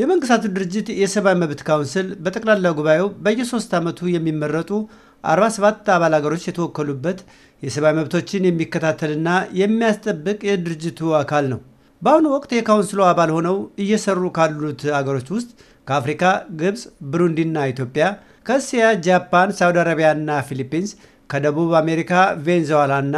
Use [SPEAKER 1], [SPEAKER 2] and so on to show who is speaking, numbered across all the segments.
[SPEAKER 1] የመንግስታቱ ድርጅት የሰብአዊ መብት ካውንስል በጠቅላላ ጉባኤው በየሶስት ዓመቱ የሚመረጡ 47 አባል አገሮች የተወከሉበት የሰብአዊ መብቶችን የሚከታተልና የሚያስጠብቅ የድርጅቱ አካል ነው። በአሁኑ ወቅት የካውንስሉ አባል ሆነው እየሰሩ ካሉት አገሮች ውስጥ ከአፍሪካ ግብፅ፣ ብሩንዲና ኢትዮጵያ፣ ከእስያ ጃፓን፣ ሳውዲ አረቢያና ፊሊፒንስ፣ ከደቡብ አሜሪካ ቬንዙዌላና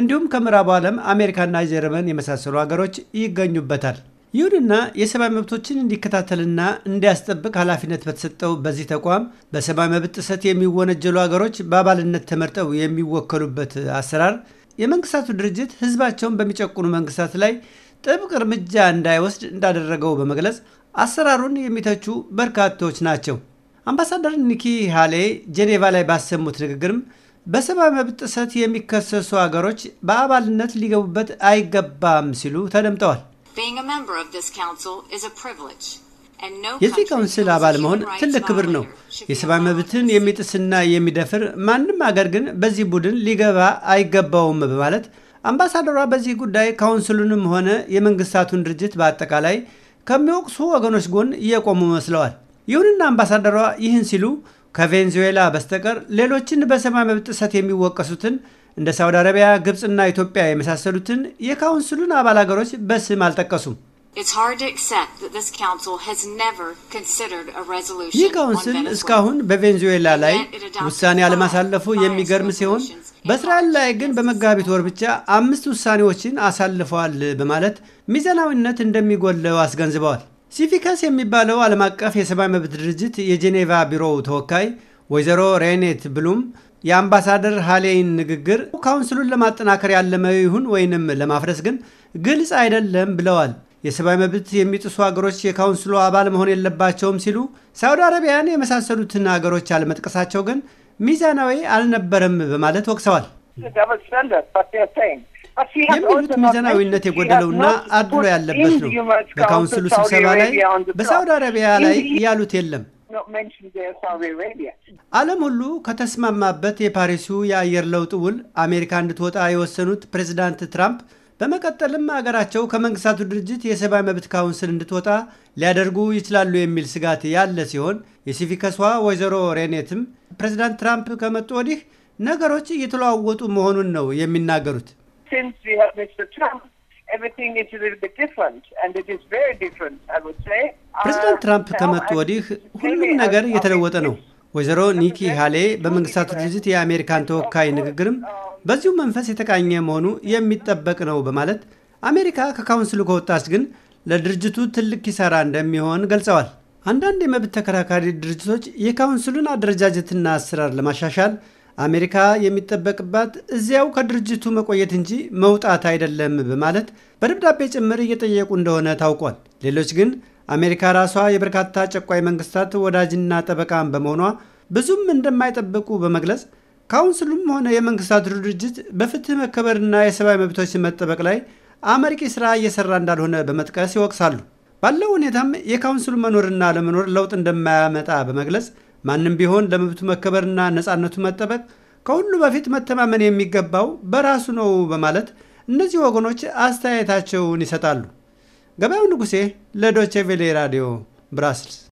[SPEAKER 1] እንዲሁም ከምዕራቡ ዓለም አሜሪካና ጀርመን የመሳሰሉ ሀገሮች ይገኙበታል። ይሁንና የሰብአዊ መብቶችን እንዲከታተልና እንዲያስጠብቅ ኃላፊነት በተሰጠው በዚህ ተቋም በሰብአዊ መብት ጥሰት የሚወነጀሉ ሀገሮች በአባልነት ተመርጠው የሚወከሉበት አሰራር የመንግስታቱ ድርጅት ህዝባቸውን በሚጨቁኑ መንግስታት ላይ ጥብቅ እርምጃ እንዳይወስድ እንዳደረገው በመግለጽ አሰራሩን የሚተቹ በርካቶች ናቸው። አምባሳደር ኒኪ ሃሌ ጄኔቫ ላይ ባሰሙት ንግግርም በሰብአዊ መብት ጥሰት የሚከሰሱ ሀገሮች በአባልነት ሊገቡበት አይገባም ሲሉ ተደምጠዋል። የዚህ ካውንስል አባል መሆን ትልቅ ክብር ነው። የሰብአዊ መብትን የሚጥስና የሚደፍር ማንም አገር ግን በዚህ ቡድን ሊገባ አይገባውም በማለት አምባሳደሯ በዚህ ጉዳይ ካውንስሉንም ሆነ የመንግስታቱን ድርጅት በአጠቃላይ ከሚወቅሱ ወገኖች ጎን እየቆሙ መስለዋል። ይሁንና አምባሳደሯ ይህን ሲሉ ከቬንዙዌላ በስተቀር ሌሎችን በሰብአዊ መብት ጥሰት የሚወቀሱትን እንደ ሳውዲ አረቢያ ግብፅና ኢትዮጵያ የመሳሰሉትን የካውንስሉን አባል ሀገሮች በስም አልጠቀሱም። ይህ ካውንስል እስካሁን በቬንዙዌላ ላይ ውሳኔ አለማሳለፉ የሚገርም ሲሆን በእስራኤል ላይ ግን በመጋቢት ወር ብቻ አምስት ውሳኔዎችን አሳልፈዋል በማለት ሚዛናዊነት እንደሚጎለው አስገንዝበዋል። ሲፊከስ የሚባለው ዓለም አቀፍ የሰብአዊ መብት ድርጅት የጄኔቫ ቢሮው ተወካይ ወይዘሮ ሬኔት ብሉም የአምባሳደር ሀሌይን ንግግር ካውንስሉን ለማጠናከር ያለመ ይሁን ወይንም ለማፍረስ ግን ግልጽ አይደለም ብለዋል። የሰብአዊ መብት የሚጥሱ ሀገሮች የካውንስሉ አባል መሆን የለባቸውም ሲሉ ሳውዲ አረቢያን የመሳሰሉትን ሀገሮች አለመጥቀሳቸው ግን ሚዛናዊ አልነበረም በማለት ወቅሰዋል። የሚሉት ሚዛናዊነት የጎደለውና አድሎ ያለበት ነው። በካውንስሉ ስብሰባ ላይ በሳውዲ አረቢያ ላይ ያሉት የለም ዓለም ሁሉ ከተስማማበት የፓሪሱ የአየር ለውጥ ውል አሜሪካ እንድትወጣ የወሰኑት ፕሬዚዳንት ትራምፕ በመቀጠልም አገራቸው ከመንግስታቱ ድርጅት የሰብአዊ መብት ካውንስል እንድትወጣ ሊያደርጉ ይችላሉ የሚል ስጋት ያለ ሲሆን የሲቪከሷ ወይዘሮ ሬኔትም ፕሬዚዳንት ትራምፕ ከመጡ ወዲህ ነገሮች እየተለዋወጡ መሆኑን ነው የሚናገሩት። ፕሬዚዳንት ትራምፕ ከመጡ ወዲህ ሁሉም ነገር እየተለወጠ ነው። ወይዘሮ ኒኪ ሃሌ በመንግስታቱ ድርጅት የአሜሪካን ተወካይ ንግግርም በዚሁ መንፈስ የተቃኘ መሆኑ የሚጠበቅ ነው በማለት አሜሪካ ከካውንስሉ ከወጣች ግን ለድርጅቱ ትልቅ ኪሳራ እንደሚሆን ገልጸዋል። አንዳንድ የመብት ተከራካሪ ድርጅቶች የካውንስሉን አደረጃጀትና አሰራር ለማሻሻል አሜሪካ የሚጠበቅባት እዚያው ከድርጅቱ መቆየት እንጂ መውጣት አይደለም በማለት በደብዳቤ ጭምር እየጠየቁ እንደሆነ ታውቋል። ሌሎች ግን አሜሪካ ራሷ የበርካታ ጨቋይ መንግስታት ወዳጅና ጠበቃን በመሆኗ ብዙም እንደማይጠብቁ በመግለጽ ካውንስሉም ሆነ የመንግስታቱ ድርጅት በፍትህ መከበርና የሰብአዊ መብቶች መጠበቅ ላይ አመርቂ ስራ እየሰራ እንዳልሆነ በመጥቀስ ይወቅሳሉ። ባለው ሁኔታም የካውንስሉ መኖርና ለመኖር ለውጥ እንደማያመጣ በመግለጽ ማንም ቢሆን ለመብቱ መከበርና ነፃነቱ መጠበቅ ከሁሉ በፊት መተማመን የሚገባው በራሱ ነው በማለት እነዚህ ወገኖች አስተያየታቸውን ይሰጣሉ። Gabaawwan Nugusee, Ladochee Veelee Raadiyoo,